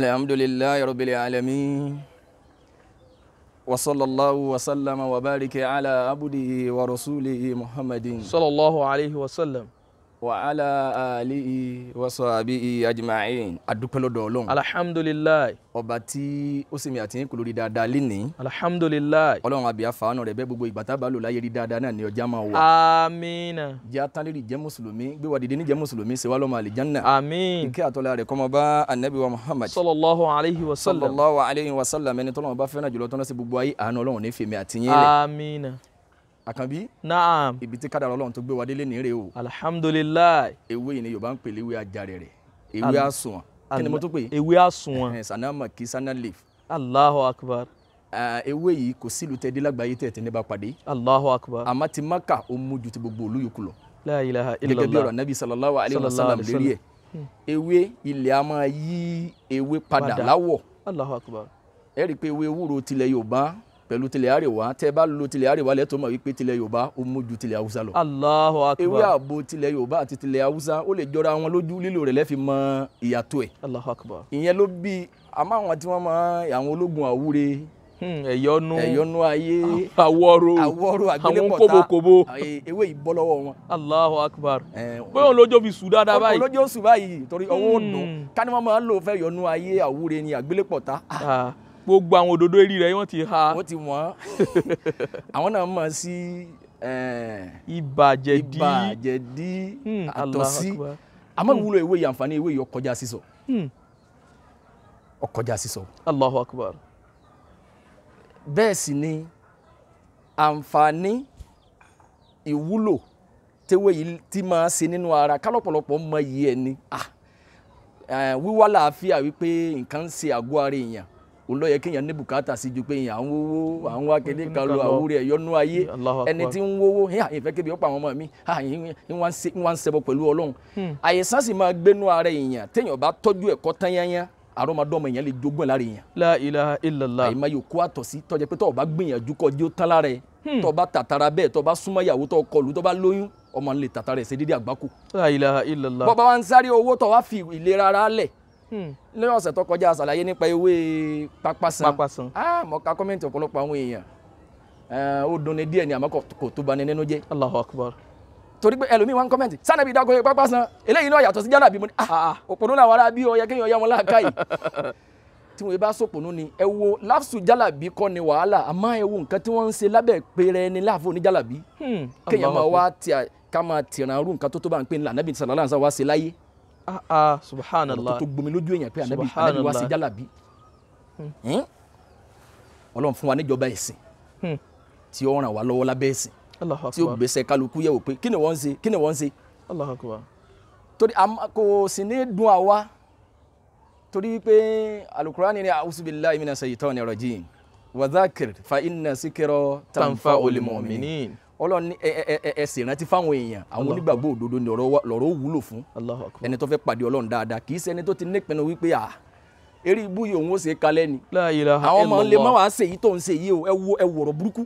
الحمد لله رب العالمين وصلى الله وسلم وبارك على عبده ورسوله محمد صلى الله عليه وسلم wàhálà àlìyí wọ́sọ àbí ajma'in adúpẹ́lọ́dọ̀ ọlọ́run. alhamdulilayi. ọba tí ó sì àti yín kò dáadáa lénìí. alhamdulilayi. ọlọ́run àbí àfàánù rẹ̀ bẹ́ẹ̀ gbogbo ìgbà tá a bá lò láyé rí dáadáa náà ni ọjà máa wà. amiina. jẹ́ atánlérì jẹ́ mùsùlùmí gbé wa dìde ní jẹ́ mùsùlùmí ṣe wá lọ́mọ àlìjánná. amiin. ike àtọ́lá rẹ̀ kọ́mọ bá anabi wa muhammad. sallallahu àkànbí. naam. ibi tí kádàrá ọlọ́run tó gbé wa délé ní rè o. alhamdulilayi. ewé yìí ni yorùbá ń pè léwé ajarẹ rẹ ewé àsùnwọ̀n kí ni mo tún pè é. ewé àsùnwọ̀n. sanama kì í sanna leaf. allahu akbar. ewé yìí kò sílùú tẹ́ dé lágbàáyé tẹ́ tẹ́ ní bá pàdé. allahu akbar. àmọ́ ti maka ó mú ju ti gbogbo olú yòókù lọ. la ilaha illallah gẹ́gẹ́ bí ọ̀rọ̀ nabi sallallahu alayhi wa sallam lérí ẹ̀ hmm. ewé ilẹ̀ a máa yí ewé padà láwọ̀. allahu akbar. ẹ rí i pé ewé ewúro tilẹ̀ yorùbá pẹ̀lú tilẹ̀ àríwá tẹ́ bá lo tilẹ̀ àríwá lẹ́tọ́ mọ̀ wípé tilẹ̀ yorùbá ó mú tilẹ̀ haúsá lọ. Allahu akbar ewé àbò tilẹ̀ yorùbá àti tilẹ̀ haúsá ó lè jọra wọn lójú lílo rẹ̀ lẹ́fi mọ ìyàtọ̀ ẹ̀. Allahu akbar ìyẹn ló bí àmọ́ àwọn tí wọ́n àwọn ológun àwúre hmm, ẹ̀yọ́nú ẹ̀yọ́nú ayé àwọ̀rò àwọ̀rò àgbélépọ̀ta àwọn kóbókóbó ewé ìbọ́lọ́wọ́ gbogbo àwọn òdòdó eré rẹ̀ wọ́n ti ha. ó ti wọ́n àwọn náà mọ̀ sí. ibà eh, jẹ̀dí ibà jẹ̀dí hmm, àtọ̀sí àmọ́ ìwúlò ìwé yìí àǹfààní ìwé yìí ó sísọ ó hmm. sísọ. Allahu Akbar. bẹ́ẹ̀ sì ni àǹfààní ìwúlò tewé yìí ti máa ṣe nínú ara kálọ̀pọ̀lọpọ̀ mọ yìí ẹni ah, eh, wíwá làáfíà wípé nǹkan ń ṣe àgọ́ ara èèyàn òun ló yẹ kéèyàn ní bùkátà sí ju pé à wówó à ń wá kéde kan ayé ẹni tí ń wówó ìfẹ́ kébi ó pa àwọn ọmọ mi ń wá ń ṣẹbọ pẹ̀lú ọlọ́run hmm. àyèsán sì máa gbénú ara èèyàn téèyàn bá tọ́jú ẹ̀kọ́ tán yányán àrọ́mọdọ́mọ èèyàn lè jogún ẹ̀ lára èèyàn. la ilaha illallah. àyè máa yòókù àtọ̀sí tọ́jà pé tọ́ọ̀ bá gbìyànjú kọjú tán lára ẹ̀ hmm. tọ́ bá tàtàrà bẹ́ẹ̀ tọ́ bá súnmọ́ ìyàwó tọ́ kọlù tọ́ bá lóyún ọmọ nílé tàtàrà ẹ̀ ṣe àgbákò. la ilaha illallah. bọ́ba wa ń sáré owó tọ́ wá fi ìlera ara lẹ̀ ní hmm. ọ̀sẹ̀ tó kọjá ṣàlàyé nípa ewé papasan ah mo ka kọ́mẹ́ǹtì ọ̀pọ̀lọpọ̀ àwọn èèyàn eh, ó dunni díẹ̀ ni àmọ́ kò tó bani nínú jẹ́. Allahu Akbar. torí pé ẹlòmíì wá ń kọ́mẹ́ǹtì sanabi dákọ̀ ewé papasan eléyìí náà yàtọ̀ sí jánàbí mo ní ah, ah, ah, òpònú náà wàrà bí ọyẹ kéèyàn yá wọn láàká yìí tí wọn bá sòpònú ni ẹ wo láfsù jálàbí kọ́ ni wàhálà àmọ́ ẹ wo nǹkan tí wọ́n ń ṣe lábẹ́ péré ẹni láàfọ̀ ní jálàbí hmm. kéèyàn máa wá tí a ká máa tìrànrú nǹkan tó tó bá ń pè ní lànàbí sàlálà ń sá wá ṣe láyé ah ah subhanallah ọ̀rọ̀ tó gbomi lójú èèyàn pé anabi anabi wa ṣe jálàbí hmm. Hmm? ọlọ́run fún wa níjọba ẹ̀sìn hmm. tí ó ràn wá lọ́wọ́ lábẹ́ ẹ̀sìn tí ó gbèsè kálukú yẹ̀wò pé kí ni wọ́n ń ṣe kí ni wọ́n ń ṣe. torí kò sì ní dùn àwa torí pé alukurani ni auzubillahi minash shaitani rajim wa dhakir fa inna zikra tanfa'ul mu'minin ọlọ́run ẹsẹ̀ ìrántí fáwọn èèyàn àwọn onígbàgbọ́ òdodo ni lọ́rọ̀ wúlò fún ẹni tó fẹ́ pàdé ọlọ́run dáadáa kì í ṣe ẹni tó ti nípinnu wípé à eré ibú yìí òun ó ṣe kalẹ̀ ni àwọn ọmọ ńlẹ̀ máa wà á ṣe èyí tó ń ṣe yìí o ẹ wo ẹ wọ̀rọ̀ burúkú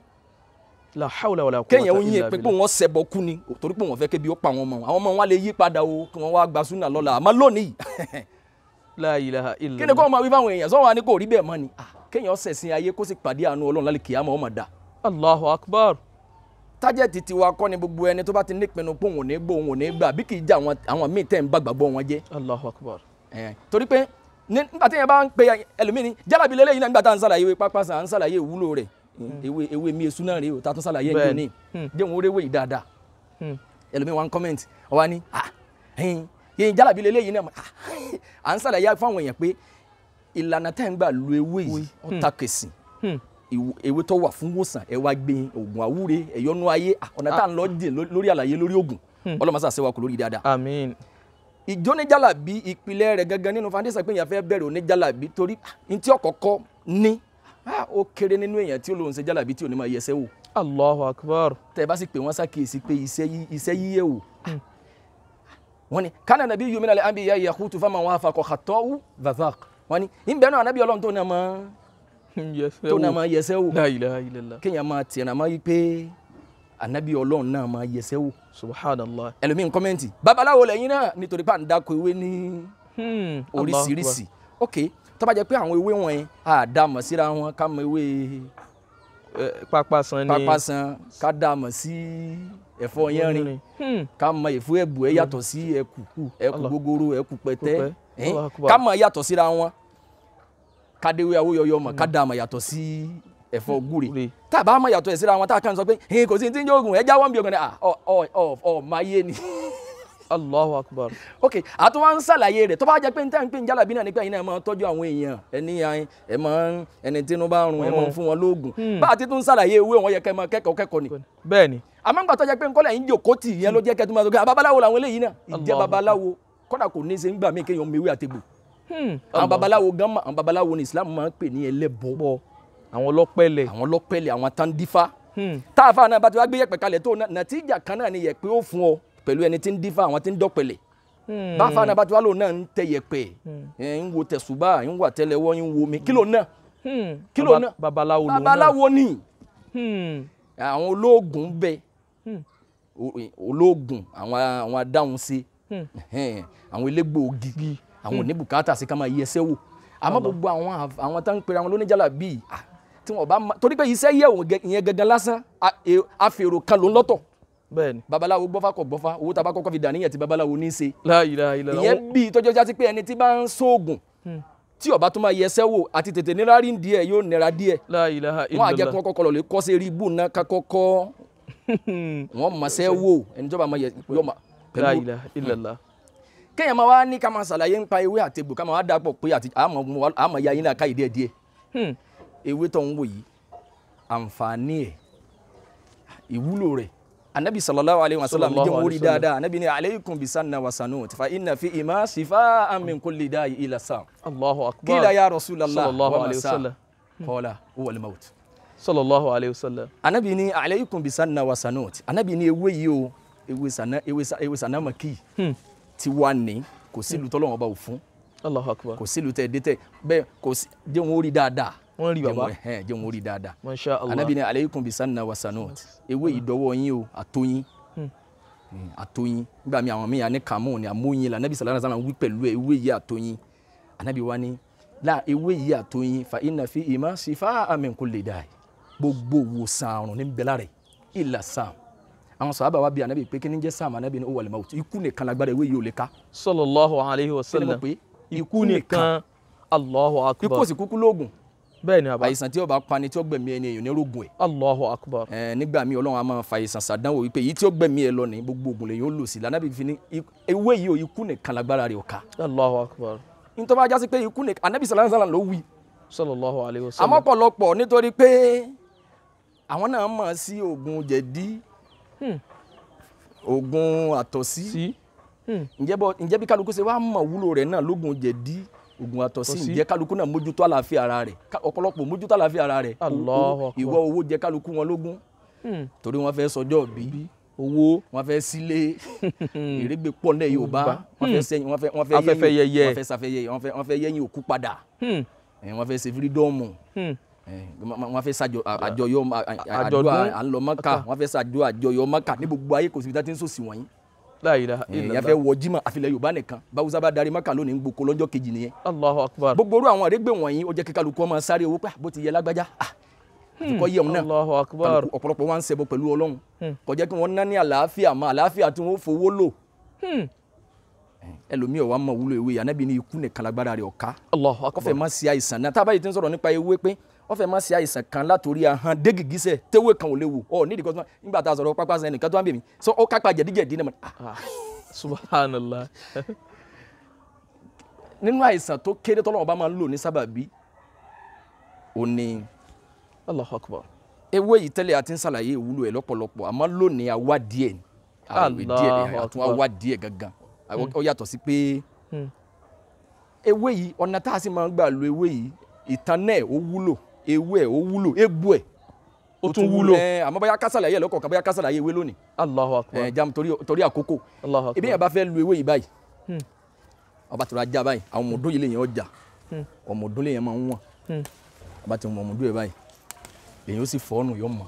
kéèyàn ó yín pé pé wọ́n ṣẹbọ kú ni torí pé wọ́n fẹ́ kébi ó pa àwọn ọmọ wọn àwọn ọmọ wọn lè yí padà o kí wọ́n wá gba súnà lọ́la àmọ́ lónìí kí ni kó máa wí fáwọn èèyàn sọ́wọ́n wa ni kò rí bẹ́ẹ̀ mọ́ ni kéèyàn ṣẹ̀sìn ayé kó sì pàdé àánú ọlọ́run lálẹ́ kìámọ́ ọmọ dà. Allahu akbar tájẹ̀tì tiwa kọ́ ni gbogbo ẹni tó bá ti nípinnu pé òun ò ní gbó òun ò ní gbà bí kì í jẹ́ àwọn míì tẹ̀ ń bá gbàgbọ́ wọn jẹ́. Allahu Akbar. torí pé nígbà tí yẹn bá ń pe ẹlòmíì ni jálàbí lélẹ́yìn náà nígbà tá à ń ṣàlàyé ewé pápá sàn à ń ṣàlàyé ìwúlò rẹ̀ hmm. ewé ewé mi èso náà rèé o tá a tún ṣàlàyé ẹjọ́ ní hmm. jẹ́ òun réwé yìí dáadáa hmm. ẹlòmíì wá ń kọ́mẹ̀ntì ọ̀wá ni yẹn jálàbí lélẹ́yìn náà ah, à ń ṣàlàyé fáwọn èèyàn pé ìlànà tẹ́ ń gbà lu ewé yìí ó kèsì ewé tó wà fún wòsàn ẹ wá gbé oògùn àwúre ẹ̀yọ́nú ayé ọ̀nà tá à ń lọ dì lórí àlàyé lórí oògùn hmm. ọlọ́mọsà ṣe kò lórí dáadáa. àmín. ìjó ìpìlẹ̀ rẹ̀ gangan nínú foundation pé èèyàn fẹ́ bẹ̀rẹ̀ oníjàlábí torí ah, ntí ọ̀kọ̀ọ̀kọ́ ní ah, ó kéré nínú èèyàn tí olóhùn ṣe jàlábí tí ò ní máa yẹsẹ́ wò. Allahu akbar. tẹ bá sì pé wọn ṣàkíyèsí pé iṣẹ́ yíyẹ wò hmm. ah, wọ́n ní kánà nàbí yomínà lẹ́ àbí ìyá ìyàkú tó fáwọn àwọn afakọ̀ tó na máa yẹsẹ́ wò kéèyàn máa tẹ̀ràn máa yí pé anabi ọlọ́run náà ma yẹsẹ́ wò. subhanallah ẹlòmíín kọ́mẹ́ǹtì babaláwo lẹ́yìn náà nítorí pé à ń dáko ewé ní hmm, oríṣiríṣi ok tó bá jẹ́ pé àwọn ewé wọ̀nyẹn á dá mọ̀ síra wọn ká mọ̀ ewé eh, pápásan ni pápásan ká dá mọ̀ sí ẹ̀fọ́ yẹ́rin hmm. ká mọ̀ ẹ̀fọ́ ẹ̀bù ẹ̀ hmm. yàtọ̀ sí ẹ̀kù ẹ̀kù gbogbooro ẹ̀kù pẹ̀tẹ́ ká mọ̀ yàtọ̀ síra wọn kádéwé awóyọyọ mọ̀ mm. ká dà mọ̀ yàtọ̀ sí ẹ̀fọ́ mm. gúre tá a bá mọ̀ yàtọ̀ ẹ̀ síra wọn tá a kàn sọ pé ẹ̀yìn kò sí ti ń jẹ́ oògùn ẹja wọ́n bí oògùn ẹ̀ ah, ọ ọ ọ máa yé ni. Allahu akbar. ok àtúwá ń ṣàlàyé rẹ̀ tó bá jẹ́ pé níta ń pè ń jálàbí náà nípa yìí náà máa tọ́jú àwọn èèyàn ẹni ẹ máa ń ẹni tínú bá rùn ẹ máa ń mm. fún wọn lóògùn bá a ti tún ṣàlàyé ewé wọn yẹ kẹ́ máa kẹ́kọ̀ọ́ kẹ́kọ̀ọ́ ni. bẹ́ẹ̀ ni. àmọ́ ńgbà tó jẹ́ pé ńkọ́lẹ̀ yín jòkó tì yẹn ló jẹ́ kẹ́ tó máa sọ pé ah, babaláwo làwọn eléyìí náà ìjẹ́ babaláwo kọ́dà kò ní í ṣe ńgbà míì kéèyàn mewé àtegbò Hmm. àwọn babaláwo gan àwọn babaláwo ní islam máa ń pè ní ẹlẹ́bọ àwọn ọlọ́pẹ̀lẹ̀ àwọn ọlọ́pẹ̀lẹ̀ àwọn tandífá hmm. tá a fa náà bá ti wá gbé yẹ̀pẹ̀ kalẹ̀ tó nàtíjà kan náà ni yẹ̀pẹ̀ ó fún ọ pẹ̀lú ẹni tí ń dífá àwọn tí ń dọ̀pẹ̀lẹ̀ hmm. bá a fa náà bá ti wá lò náà ń tẹ yẹ̀pẹ̀ ń wo tẹ̀sùbá ń wo àtẹlẹwọ́ ń wo mi kílò náà kílò náà babaláwo lòun náà babaláwo ni àwọn olóògùn bẹ olóògùn àwọn adáhunṣe àwọn elégbòogi àwọn ò hmm. ní bùkátà sí ká máa yẹ ẹsẹ̀ wò àmọ́ gbogbo àwọn àwọn tó ń pera wọn lóníjàlá bíi tí wọn bá ma torí pé iṣẹ́ yẹ̀ wọ̀n ìyẹn gangan lásán àfèrò e, kan ló ń lọ́tọ̀ bẹ́ẹ̀ni babaláwo gbọ́fà kọ̀ gbọ́fà owó tá a bá kọ́kọ́ fi dà níyẹn tí babaláwo ní í ṣe ìyẹn bíi tọ́jọ́ já sí pé ẹni tí bá ń sóògùn hmm. tí ó bá tún máa yẹsẹ wò àti tètè nílárí díẹ̀ yóò nira díẹ̀ wọn àjẹ kí wọn kọ́kọ́ lọ lè kọ sí erigbó náà ká kọ́kọ́ wọn mọ̀ sẹ wò ẹni tó bá máa yẹ kéèyàn máa wá ní ká máa ṣàlàyé nípa ewé àtegbò ká máa wá dàpọ̀ pé àti àmọ̀ ya yín náà káyìí díẹ̀díẹ̀ hmm. ewé tó ń wò yìí àǹfààní ẹ̀ ìwúlò rẹ̀ anabi sallallahu alayhi wa sallam jẹ́ wọ́n rí dáadáa anabi ni aleikum bisanna wa sanut fa inna fi ima sifa amin kulli dayi ila sam. allahu akbar kila ya rasulallah hmm. sallallahu alayhi wa sallam kola huwa almaut. sallallahu alayhi wa sallam. anabi ni aleikum bisanna wa sanut anabi ni ewé yìí o ewé sanamaki. Hmm tiwa ní kò sílùú tọ́lọ́wọ́n bá ò fún Allahu Akbar kò sílùú tẹ̀ dé tẹ̀ bẹ́ẹ̀ kò sí jẹ́ wọn ó rí dáadáa wọ́n rí baba jẹ́ wọn ó rí dáadáa anabi ni aleikum bisanna wa sanut ewé ìdọ́wọ́ yín o àtọyín hmm. hmm, àtọyín nígbà mi àwọn míyàn ní kàmú ni àmúyín la anabi sallallahu alaihi wasallam wí pẹ̀lú ẹ ewé yìí àtọyín anabi wa ni la ewé yìí àtọyín fa inna fi ima shifa min kulli da'i gbogbo wòsàn àrùn ní bẹ́lá rẹ̀ ìlà sáà àwọn sàhábà wa bi anabi pé kí ni jẹ́ sáàmù anabi ní owó alimawutu ikú nìkan lágbára ìwé yìí ò lè ká. sallallahu alayhi wa sallam ikú nìkan allahu akbar kíkó sì kúkú lóògùn bẹ́ẹ̀ ni àbá àìsàn tí ó bá pani tí ó gbẹ̀mí ẹni èèyàn ní rògùn ẹ̀. allahu akbar. ẹ nígbà míì ọlọ́run a máa fa àìsàn sàdánwò wípé èyí tí ó gbẹ̀mí ẹ lọ ní gbogbo ògùn lèyìn ó lò sí lànà bíi ewé yìí ò ikú nìkan lágbára rẹ̀ ò ká. allahu akbar. nítorí wàá jásí pé ikú nìkan anabi sallallahu ló wí. sallallahu alayhi wa sallam. àmọ́ nítorí pé àwọn náà mọ̀ sí ògùn jẹ̀dí Hmm. Ogun Atosi, oògùn àtọ̀sí hmm. ǹjẹ́ bí kálukú ṣe wá mọ̀ wúlò rẹ̀ náà lóògùn jẹ̀dí oògùn àtọ̀sí ǹjẹ́ kálukú náà mójútó àlàáfíà ara rẹ̀ ọ̀pọ̀lọpọ̀ mójútó àlàáfíà ara rẹ̀ ìwọ owó jẹ kálukú wọn lógún hmm. torí wọ́n fẹ́ sọjọ́ bí owó wọ́n fẹ́ sílé ìrégbè pọ̀ lẹ́ Yorùbá wọ́n fẹ́ sẹ́yìn wọ́n fẹ́ wọ́n fẹ́ yẹyẹ wọ́n fẹ́ safẹ́yẹ wọ́n fẹ́ yẹyìn òkú padà wọ́n fẹ́ ṣe fírídọ́ọ̀mù wọ́n fẹ́ ṣàjọ àjọyọ̀ àdúrà àlọ́mọ́kà wọ́n fẹ́ ṣàjọ àjọyọ̀ mọ́kà ní gbogbo ayé kò síbi tá ti ń sòsì wọ̀nyí. láyìlá ìlànà ìyá fẹ́ wọ jímọ̀ àfilẹ̀ yorùbá nìkan báwùsá bá darí mọ́kà Akbar. gbogbo orú àwọn àrégbè wọ̀nyí ó jẹ́ kí kálukú máa sáré owó pé ah, bó ti yẹ lágbájá ah, náà Akbar ọ̀pọ̀lọpọ̀ wọn ń ṣẹbọ pẹ̀lú ọlọ́run hmm. kò jẹ́ kí wọ́n ná ní àlàáfíà mọ́ àlàáfíà tí wọ́n fowó lò hmm. eh, ẹlòmíì ọ̀wá mọ̀ wúlò ewé yànnẹ́bí ní ikú nìkan lágbára rẹ̀ ọ̀ká Allahu Akbar kọfẹ́ má sí àìsàn náà tábàyí ti ń sọ̀rọ̀ nípa ewé pé wọ́n fẹ́ máa ṣe àìsàn kan látòrí ahọ́n dégìgísẹ̀ téwé kan ò lè wò ọ nídìí kọ́sọ́ nígbà tá a sọ̀rọ̀ pápá sẹ́ni nìkan tó wá ń bèmí sọ ọ kápá jẹ̀díjẹ̀dí náà mọ̀. Ah, ah. subhanallah. nínú àìsàn tó kéré tọ́lọ́wọ́ bá máa ń lò ní sábàbí ò ní. Allahu akbar. ewé yìí tẹ́lẹ̀ àti ń ṣàlàyé ìwúlò ẹ̀ lọ́pọ̀lọpọ̀ àmọ́ lónìí àwa díẹ̀ ni àwẹ̀ díẹ̀ ni àtún àwa díẹ̀ gangan hmm. ó yàtọ̀ sí pé hmm. ewé yìí ọ̀nà tá a sì máa ń gbà lo ewé yìí ìtàn náà ó wúlò ewé ẹ̀ o wúlò egbò ẹ̀ ó tún wúlò ẹ àmọ́ bóyá kásálà yẹ lọ́kọ̀ọ̀kan bóyá kásálà yẹ ewé lónìí. Allahu akbar ẹ jam torí àkókò ebi yẹn bá fẹ́ lu ewé yìí báyìí hmm. ọba tó ra já báyìí àwọn ọmọdún yìí lè yẹn ọjà hmm. ọmọdún lè yẹn máa ń wọ̀n hmm. ọba tí mo ọmọdún yẹn báyìí lèyìn ó sì fọ́ọ̀nù yọ mọ́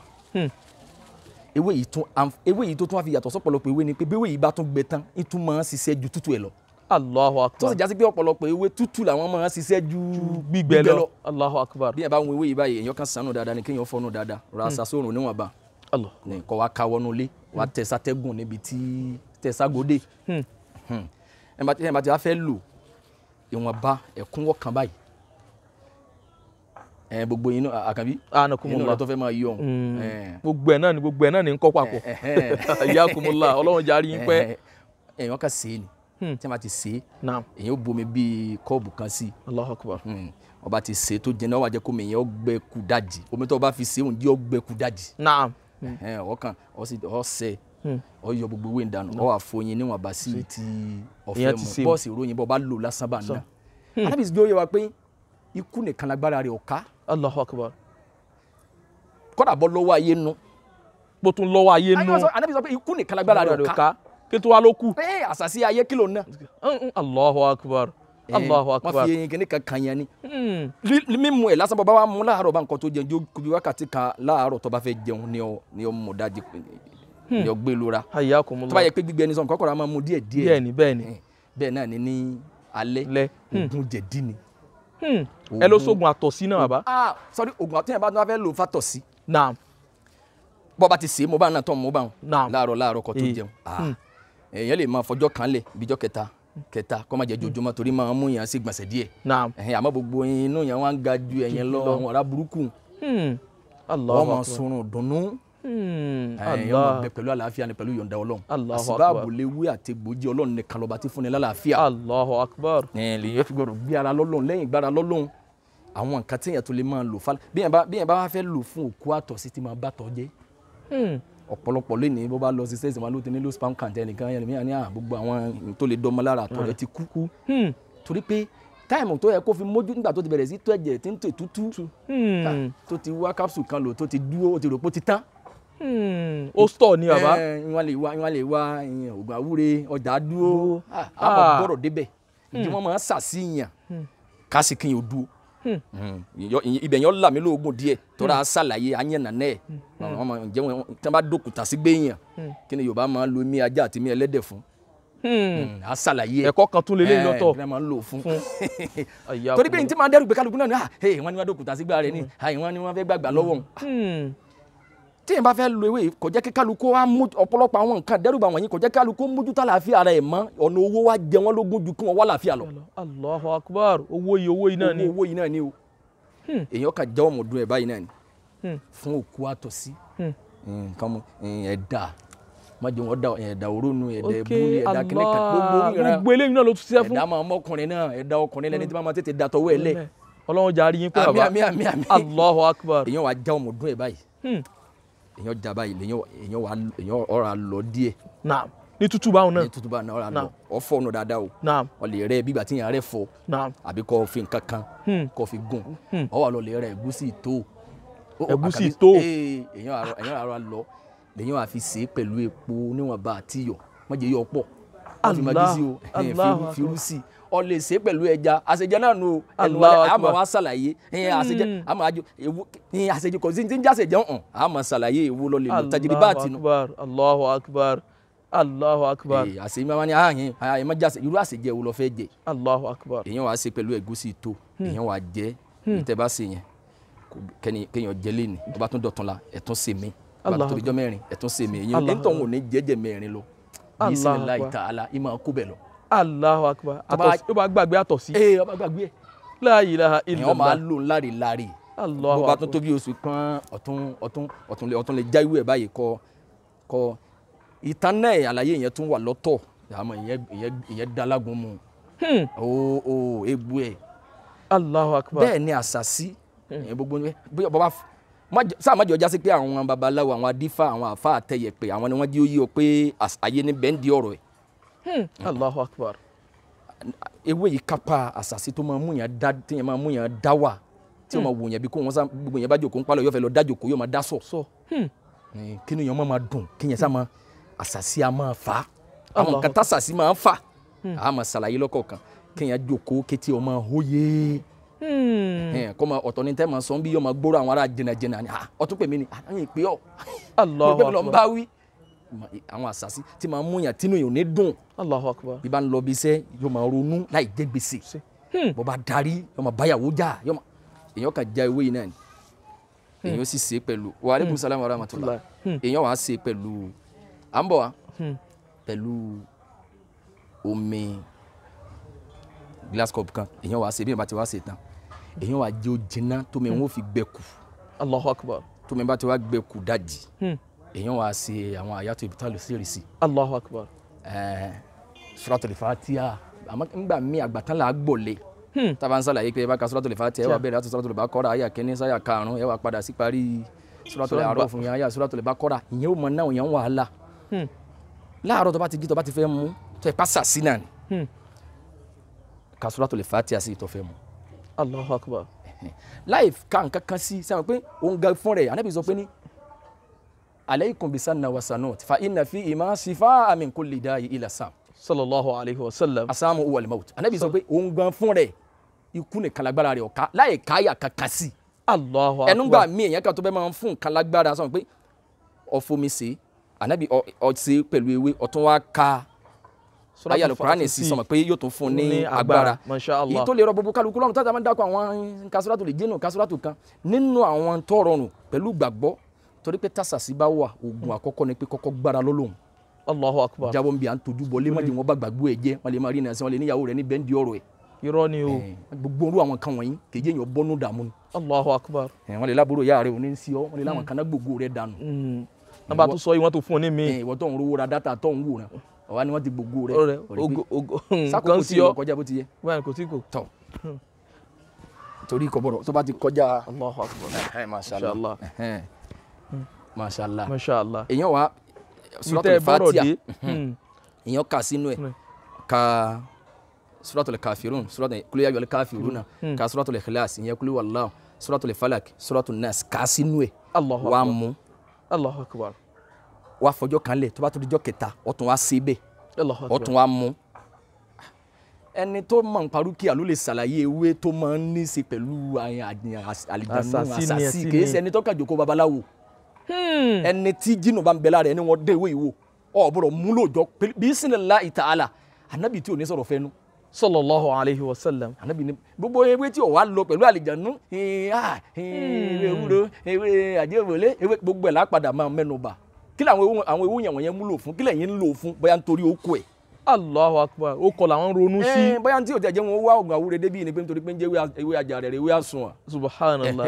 ewé yìí tó tún wá fi yàtọ̀ sọ́pọ̀lọpọ̀ ewé ni pé bí ewé yìí bá tún gbẹ tán ìtumọ̀ ṣiṣẹ́ ju tútù ẹ̀ lọ. Allahu akbar tó sì jásí pé ọ̀pọ̀lọpọ̀ ewé tútù làwọn máa ń ṣiṣẹ́ ju gbígbẹ lọ Allahu akbar bí ẹ bá ń wo ewé yìí báyìí èèyàn kan sànù dáadáa ni kéèyàn fọnù dáadáa ra sàṣọrùn hmm. níwọ̀nba ní kọ́ wa ká wọnú ilé wa hmm. tẹ̀sátẹ́gùn níbi tí tẹ̀ságòdè hmm. ẹ̀ bá ti wá fẹ́ lò ìwọ̀nba ẹ̀kúnwọ́ kan báyìí ẹ gbogbo yín náà àkànbí inú ọ̀la tó fẹ́ máa yọ ọ̀hún. gbogbo ẹ̀ náà ni gbogbo ẹ̀ náà ni ń kọ́ papọ̀ ìyá kùmùlà ọlọ́run jarí yín pẹ́. ẹ̀yàn kan sèé ni Hmm. tí wọ́n bá ti sè é èyàn ó bomi bíi kọ́ọ̀bù kan sí i Allahu Akbar wọ́n hmm. bá ti sè é tó jẹná wàá jẹ́ kó mi èyàn ó gbẹ kú dájì omi tó o bá fi sè é òun yóò gbẹ kú dájì ọkàn ọ̀sẹ̀ ọyọ gbogbo ewé ìdànù ọwọ àfọyín níwọ̀nba sí ti ọ̀fẹ́ mu bọ́ọ̀sì ìròyìn bọ́ọ̀ bá lò lásán bá náà hmm. alábìsí bí ó yẹ wa pé ikú nìkan lágbára rẹ̀ ọ̀ká kọ́dà bọ́ lọ́wọ́ ayé nu bó tún lọ́wọ́ ayé nu alábìsí sọ pé ikú nìkan lágbára rẹ̀ ọ̀ká kí tó wá ló kù. ẹ àṣàṣì ayé kìlò náà. Mm, Allahu akbar eh, Allahu akbar. wọ́n fi eyín kìíní kan kan yẹn ni. Mm. mímu ẹ̀ lásán bàbá wa mú láàárọ̀ bá nǹkan tó jẹun jó kubi wákàtí kan láàárọ̀ tó bá fẹ́ jẹun ni ọ ni ọ mú dájú hmm. ni ọ gbé lura. àyà kò mú lọ tó bá yẹ pé a máa mú díẹ̀ díẹ̀. bẹ́ẹ̀ ni bẹ́ẹ̀ ni. Eh, bẹ́ẹ̀ náà ni ní alẹ́ hmm. oògùn jẹ̀dí ni. Hmm. ẹ ló sóògùn àtọ̀sí náà bàbá. Ah, sọ́rí oògùn àtọ̀sí náà bá tó fẹ́ lò fàtọ̀sí. náà bọ́ bá ti sè é mo bá ń nà tán mo bá ń láàárọ̀ láàárọ̀ kan èèyàn lè máa fọjọ́ kan lẹ̀ bíjọ́ kẹta kẹta kọ́ máa jẹ́ jojúmọ́ torí máa ń mú yàn sí gbọ̀nsẹ̀ díẹ̀ ẹ̀hìn àmọ́ gbogbo inú yàn wá ń ga ju ẹ̀yìn lọ àwọn ará burúkú hmm. wọ́n máa sunrun dùnnú hmm. ẹ̀yìn ọmọ bẹ pẹ̀lú àlàáfíà ni pẹ̀lú yọ̀ǹda ọlọ́run àsìbáàbò léwé àti gbòójì ọlọ́run nìkan lọ́ba tí fúnni lálàáfíà Akbar lèyìn fi gbọdọ̀ gbé ara lọ́lọ́run lẹ́yìn gbára lọ́lọ́run àwọn nǹkan téèyàn tó lè máa lò fal bí yẹn bá fẹ́ lò fún òkú àtọ̀sí ti máa bá tọ́ jẹ́ hmm ọ̀pọ̀lọpọ̀ lónìí bó bá lọ sí sẹ́sìn wa ló ti nílò spam count ẹnìkan yẹn lèmi àní à gbogbo àwọn tó lè dọmọ lára àtọ̀ rẹ ti kúkú hmm. torí pé táìmù tó yẹ kó fi mójú nígbà tó ti bẹ̀rẹ̀ sí tó ẹ̀jẹ̀ tí ń tè tútú hmm. tó ti wá capsule kan lò tó ti dúró ó ti rò pó ti tán hmm. ó stọ̀ ni bàbá. Eh, ìwọ́n lè wá ìwọ́n lè wá oògùn àwúre ọjà dúró àbọ̀ ah. gbọ́dọ̀ débẹ̀ ìdí wọn máa ń sàṣìyàn kásìkìyàn ò dúró. Hmm. Hmm. ibẹ̀ yẹn làmì lóògùn díẹ̀ tọ́ra ṣàlàyé hmm. ayẹ̀nànẹ́ ẹ̀ wọ́n máa jẹ́ wọn tí wọ́n bá dókùtà sí gbẹ̀yìn kí ni yorùbá máa ń lo mí ajá àti mí ẹlẹ́dẹ̀ fún a ṣàlàyé ẹ ẹ̀kọ́ kan tún lélẹ́yìn lọ́tọ̀ ẹ máa ń lò fún torí pé ní tí máa dẹ́rù pé kálukú náà ni ah, wọ́n ní wọ́n dókùtà sí gbà rẹ̀ ni ah, wọ́n wọ́n fẹ́ gbàgbà lọ́wọ́ téèyàn bá fẹ́ lo ewé kò jẹ́ kí kálukú wa mú ọ̀pọ̀lọpọ̀ àwọn nǹkan dẹ́rùbà wọ̀nyí kò jẹ́ kí kálukú mójútó àlàáfíà ara ẹ̀ mọ́ ọ̀nà owó wa jẹ wọ́n lógún ju kí wọ́n wá àlàáfíà lọ. Allahu akbar owó yìí owó yìí náà ni owó yìí náà ni o hmm. èèyàn kà já ọmọdún ẹ̀ báyìí náà ni hmm. fún òkú àtọ̀sí hmm. nǹkan mu ẹ̀dá májò wọn da ẹ̀dá òrónú ẹ̀dá ẹ̀bùnú ẹ̀dá kìnìkan gbogbo ìran gbogbo eléyìí náà ló tún ṣiṣẹ́ fún ẹ̀dá máa mọ́kùnrin náà ẹ̀dá ọkùnrin lẹni tí wọ́n máa Allahu akbar èèyàn wàá já ọmọdún èèyàn já báyìí lèèyàn èèyàn ọ̀rà lọ díẹ̀. naam ní tútù báwọn náà ní tútù báwọn náà ọ̀rà lọ ọ̀fọ̀ ọ̀nà dáadáa o naam ó lè rẹ bí ìgbà tí yàn rẹ fọ naam àbí kó fi nǹkan kan hmm. kó fi gùn ó hmm. wá lọ lè rẹ ẹ̀gúsí tó ẹ̀gúsí tó èèyàn àrọ lọ lèèyàn àfi sè é pẹ̀lú epo níwọ̀nba àtiyọ̀ mọ̀jẹ̀ yọ pọ̀ wọ́n fi máa ọ lè ṣe pẹ̀lú ẹja àṣejẹ náà nù ẹnu àmọ́ wa ṣàlàyé hmm. àṣejẹ àmọ́ àjò ewu àṣejẹ kò sí ti ń jáṣejẹ hàn àmọ́ ṣàlàyé ewu lọ lè mú tajiriba àtinú. Allahu akbar Allahu akbar. ee eh, àṣe ìmọ̀ ni ààyè ah, ààyè ah, má jáṣe irú àṣejẹ ewu lọ fẹ́ jẹ. Allahu akbar. èèyàn wàá ṣe pẹ̀lú ẹ̀gúsí tó hmm. èèyàn wàá jẹ ìtẹ̀bá hmm. sí yẹn kéèyàn jẹ lé ní ọba tó dọ̀tun la ẹ̀tún sí mi ọba tó dijọ́ mẹ́rin ẹ̀tún sí mi èèyàn ẹ̀ńtọ̀ wọn ò ní jẹ́jẹ́ mẹ́rin lọ. Bismillah ta'ala ìmọ̀ kó bẹ̀ lọ. Allahu akbar àtọ̀sí eh, ó bá gbàgbé àtọ̀sí. ee ó bá gbàgbé ẹ. la ilaha illallah. èèyàn máa lò láre láre. Allahu akbar bó bá tún tóbi oṣù kan ọ̀tún ọ̀tún ọ̀tún lè ọ̀tún lè já ìwé ẹ̀ báyìí kọ kọ ìtàn náà àlàyé yẹn tún wà lọ́tọ̀ àmọ́ ìyẹn dalágun mu. o o egbò ẹ. Allahu akbar. bẹ́ẹ̀ ni àṣàṣì hmm. ìyẹn gbogbo bóyá bàbá sáà má jọ jásí pé àwọn babaláwo àwọn adífá àwọn àfa àtẹyẹpẹ àwọn ni wọ́n jí ó yí ọ pé àyè níbẹ̀ ń di ọ̀rọ̀ ẹ̀. Hmm. Allahu akbar. ewé yìí kápá àṣàṣì tó máa mú yàn dá téèyàn máa mú yàn dá wà tí wọ́n máa hmm. wò yàn bí kò wọ́n sá gbogbo yàn bá jòkó ń palọ̀ yóò fẹ́ lọ dá jòkó yóò máa dá sọ̀ sọ̀ hmm. kí ni yàn máa dùn kí yàn sá máa àṣàṣì a máa fà á àwọn nǹkan tá àṣàṣì máa ń fà á máa ṣàlàyé lọ́kọ̀ọ̀kan kí yàn jòkó kété ọmọ hóye kọ́mọ ọ̀tọ̀ ni tẹ́ máa sọ bí yóò máa gbóró àwọn ará jìnnàjìnnà ni ọ̀tún pèmí ni àwọn ìpè ọ̀ àwọn àṣàṣì tí máa ń mú yàn tínú yìí ní dùn. Allahu Akbar. bí bá ń lọ bí iṣẹ́ yóò máa ronú láì jẹ́ gbèsè hmm. Hmm. bó bá darí yóò máa báyàwó jà yóò máa èèyàn kàn já ewé yìí náà ni hmm. èèyàn sì ṣe pẹ̀lú wa aleykum salaam wa rahmatulah èèyàn wàá ṣe pẹ̀lú à ń bọ̀ wá pẹ̀lú omi glass cup kan èèyàn wàá ṣe bí èèyàn bá ti wá ṣe tán èèyàn wàá jẹ́ ó tómi wọn ò fi gbẹ Allahu Akbar. tómi bá ti wá gbẹ kù dájì èèyàn wá ṣe àwọn àyàtò ìbítàlù sírìsì. Allahu Akbar. ẹẹ Suratul Fatiha àmọ́ ńgbà mí àgbàtàlà àgbòlè hmm. tábà ń sàlàyé pé ẹ bá ka Suratul Fatiha ẹ wà bẹ̀rẹ̀ láti Suratul Baqara àyà kẹ́ni sáyà karùn-ún ẹ wà padà sí parí Suratul Araf yẹn àyà Suratul Baqara ìyẹn ò mọ náà yẹn ń wàhálà hmm. láàárọ̀ tó bá ti gí tó bá ti fẹ́ mú tó ẹ pásà sí náà ni hmm. ka Suratul Fatiha sí tó fẹ́ mú. Allahu Akbar. láì ka nǹkan kan sí sábà pé òun ga fún rẹ̀ Ànábì sọ pé ní aleikum bisanna wa sanut fa inna fi ima sifa amin kulli dayi ila sam. sallallahu alayhi wa sallam. asamu uwal maut anabi sọ pé òun gan fún rẹ ikú ní kalagbara rẹ ọ̀ka láì káyà kankan sí. allahu akbar ẹnu gbà mí èèyàn kan tó bẹ́ẹ̀ máa ń fún kalagbara sọ pé ọ̀fọ̀mi sí anabi ọ̀sẹ̀ pẹ̀lú ewé ọ̀tún wa ká ayé alukurani sì sọmọ pé yóò tún fún ní agbára yìí tó lè rọ gbogbo kálukú lọ́rùn tó dáa máa ń dákọ̀ àwọn kásúrátù lè jẹ́nu kásúrátù kan nínú àwọn tó rọrùn pẹ̀lú torí pé tasasi bá wà oògùn hmm. àkọ́kọ́ ni pé kọ́kọ́ gbára lọ́lọ́hún Allahu akbar jábọ̀ nbí à ń tojú bọ̀ lẹ́mọ̀dé wọn bá gbàgbó ẹ̀ jẹ́ wọn lè máa rí iná sí lè níyàwó rẹ̀ ní bẹ́ńdì ọ̀rọ̀ ẹ̀. irọ́ ni o. gbogbo orú àwọn kan wọ̀nyí kèjé yẹn bọ́nú dààmú ni. Allahu akbar. wọn lè lábúrò yára rẹ òní sí ọ wọn lè láwọn hmm. kaná gbogbo rẹ dànù. Hmm. nàbà tó sọ yìí wọn tó fún ọ ní mi. ìwọ tó ń rówó ra dátà tó ń wò rẹ ọwọ ni wọn ti gbogbo rẹ. mashallah mashallah èèyàn wá suratul fatiha hmm. èèyàn kà sínú ẹ̀ hmm. ka suratul kafirun suratul kúlẹ̀ yàgbẹ́ kafirun náà ka suratul ikhlas ìyẹn kúlẹ̀ wàlláhu suratul falak suratul nas kà sínú ẹ̀ wà á mú wà á fọjọ́ kan lẹ̀ tó bá tó di jọ́ kẹta ọ̀tún wá o ọ̀tún wá mú ẹni tó mọ̀ ń parúkìá ló lè ṣàlàyé ewé tó máa ń ní í ṣe pẹ̀lú àyàn àdìyàn àlìjánu àṣàṣì kì í ṣe ẹni tó kàjọ kó babaláwo. Hmm. ẹni tí jinu bá ń bẹ lára ẹni wọn dé ìwé ìwò ọ bọ̀rọ̀ múlò jọ bisimilahi ta'ala anabi tí ò ní sọ̀rọ̀ fẹ́nu sallallahu alayhi wa sallam anabi ni gbogbo ewé tí o wá lọ pẹ̀lú àlìjánu ewé hmm. ewúro ewé àjẹwòlé ewé gbogbo ẹ̀ lápadà máa mẹ́nu bà kí làwọn àwọn ewu yẹn wọ̀nyẹn múlò fún kí lẹ́yìn ń lò fún bóyá nítorí ó kó ẹ̀. Allahu akbar ó kọ làwọn ronú sí. bóyá tí o tẹ̀ jẹ́ wọn wá oògùn àwúre débí ni pé nítorí pé ń jẹ́ ewé àjàrẹ̀ ewé àsùnwọ̀n. subhanallah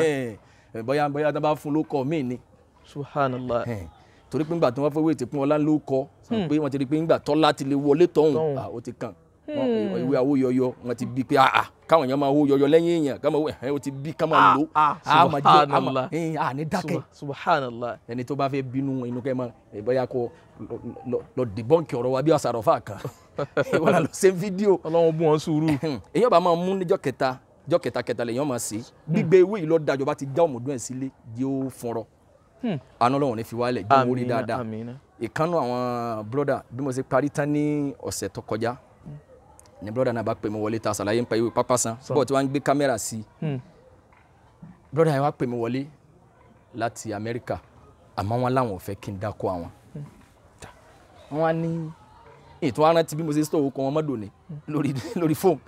bóyá bóyá tí wọ́n bá fún lóko ni subhanallah torí pé ńgbà tí wọ́n fẹ́ wéètì pín ọlá ló kọ́ hmm. pé wọ́n ti rí pé ńgbà tọ́lá ti lè wọlé tọ́hún ó ti kàn hmm. ìwé àwò yọyọ wọ́n ti bí pé àà káwọn èèyàn máa hó yọyọ lẹ́yìn èèyàn káwọn èèyàn ẹ̀ ó ti bí ká máa ah, lò ah, á ní dákẹ́ subhanallah ẹni tó bá fẹ́ bínú inú kẹ́ máa ìbáyà kọ lọ dìbọ́ǹkì ọ̀rọ̀ wa bí àṣàròfà kan wọ́n lọ ṣe fídíò ọlọ́run bú wọn sùúrù èèyàn bá máa mú níjọ́ kẹta jọ́ kẹta kẹta lèèyàn máa ṣe gbígbé hmm. ewé yìí lọ́ọ́ dájọ́ bá ti já òmùdún ẹ̀ sílé yóò fọ́nrọ́ Hmm. àánú Ọlọ́run ní fi wálẹ̀ jẹ́ orí dáadáa ìkànnù àwọn broda bí mo ṣe parí tán ní ọ̀sẹ̀ tó kọjá hmm. ni broda náà bá pè mí wọlé ta ṣàlàyé ń pa ìwé pápá san bọ́ọ̀ tí wọ́n ń gbé kámẹ́rà sí i hmm. broda yẹn wá pè mí wọlé láti Amẹ́ríkà àmọ́ wọn làwọn ò fẹ́ kí n dákọ́ àwọn wọn ní ètò arántí bí mo ṣe sọ òkun ọmọdò ni lórí fóònù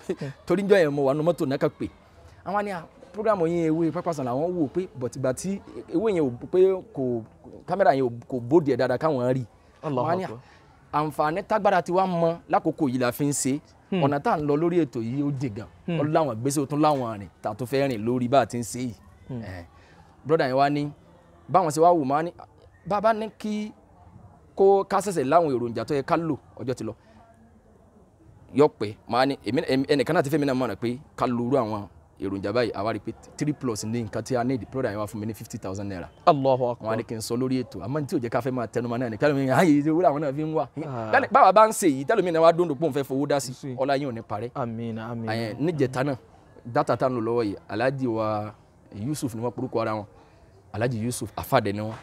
torí njọ́ yẹn mo wà nù mọ́tò náà kà pé àwọn ni program yẹn ewé pápásán làwọn wò pé but ìgbà tí ewé yẹn pé kò kámẹ́rà yẹn kò bóde ẹ̀ dáadáa káwọn rí wọn ní ah, àǹfààní tágbára tí wàá mọ lákòókò yìí la fi ń ṣe hmm. ọ̀nà tá à ń lọ lórí ètò yìí ó dè gan hmm. ó láwọn gbèsè ó tún láwọn rìn tà tó fẹ́ rìn lórí bá a ti ń ṣe yìí hmm. broda yẹn wá ní báwọn ṣe wá wò máa ní bàbá ní kí kó ká láwọn èròjà tó yẹ ká lò ọjọ́ ti lọ yọ pé màá ní ẹnìkan náà ti fẹ́ mi náà mọ̀ràn pé ká lo irú àwọn èròjà báyìí àwa rí i pé three plus ní nǹkan tí a need product yẹn wá fún mi ní fifty thousand naira. Allahu akbar wọn ni kí n sọ lórí ètò àmọ́ ní tí ò jẹ́ ká fẹ́ máa tẹnumọ́ náà ni kálọ̀ mi ayé ìdí owó àwọn náà fi ń wà. Ah. báwa bá ń ṣe yìí tẹ́lẹ̀ mi náà wá dúndùn pòun fẹ́ fowó dá sí ọlá yín ò ní parẹ́. àmín àmín àyẹn níjẹta náà dátà tá n lò lọ́wọ́ yìí alhaji wa yusuf ni wọ́n porúkọ ara wọn alhaji yusuf afade ni wọ́n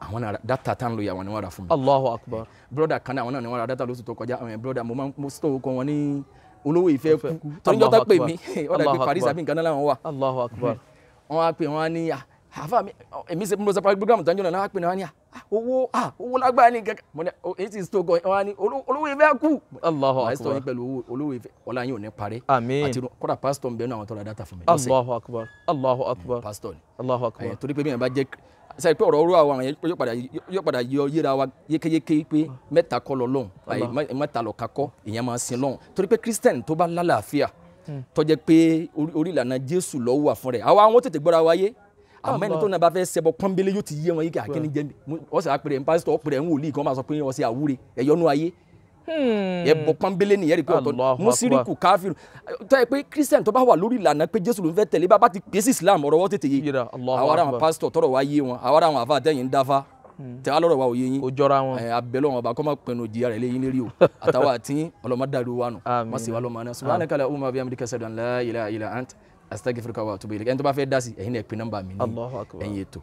àwọn náà dátà tá n lò yìí àwọn ni wọ́n rà fún mi. Allahu akbar broda kan náà àwọn náà ni wọ́n rà dátà lóṣù tó kọjá àwọn broda mo máa ń mo sọ olówó ìfẹ́ kú tọ́jọ́ tó pè mí ọ̀dà pé Paris àbí nǹkan náà làwọn wà. Allahu Akbar. wọn á pè wọn á ní ah, àfa mi èmi ṣe mọ̀sá program tọ́jú náà wọn á pè wọn á ní ah, owó ah, owó lágbára ní kankan mo ní èyí ti sọ gan wọn á ní olówó ìfẹ́ kú. Allahu Akbar. àìsàn yín pẹ̀lú olówó ìfẹ́ ọlá yín ò ní parẹ́. àti kódà pásítọ̀ ń bẹnu àwọn tọ́lá dátà fún mi. Allahu Akbar. Allahu Akbar. pásítọ̀ ni. Allahu Akbar. torí pé bí sẹ́yìn pé ọ̀rọ̀ orú àwọn yóò padà yọ yíra wa yékéyéké pé mẹ́ta kọ́ lọ lọ́hùn àyè mẹ́ta lọ kakọ́ ìyẹn máa sin lọ́hùn torí pé christian tó bá lálàáfíà hmm. tó jẹ́ pé orí ìlànà jésù ló wà fún rẹ̀ àwa àwọn tó ti gbọ́ra wáyé oh àmọ́ ẹni tó náà bá fẹ́ ṣẹbọ pọ́nbélé yóò ti yé wọn yìí kí akínní jẹ́ mi wọ́n sì á pèrè ń pásítọ̀ pèrè ń wòlíì kan máa sọ pé wọ́n ṣe àwúre ẹ̀yọ́nú ayé Hmm. ẹbọ pọ́nbélé nìyẹn rí pé ọ̀tọ̀ mùsírìkù káfíìrù tó yẹ pé christian tó bá wà lórí ìlànà pé jésù ló ń fẹ́ tẹ̀lé bá bá ti pèsè islam ọ̀rọ̀ wọ́n tètè yé àwọn ará àwọn pásítọ̀ tọrọ wá yé wọn àwọn ará àwọn àfa àtẹ̀yìn ń dáfá hmm. tẹ wá lọ́rọ̀ wa òye yín ojọra wọn ẹ abẹlẹ wọn ọba kọ ma pinnu di ara ẹ lẹ́yìn lérí o àtàwọn àti ọlọmọ dàrú wa nù wọn sì wà lọmọ náà sọ wọn alẹ ọmọ abiyamidi kẹsẹdọ ńlá yìlá yìlá ant astagifirika wa tóbi ẹni tó bá fẹ́ dá sí ẹ̀yin ẹ pin nọ́mbà mi ní ẹ̀yin ètò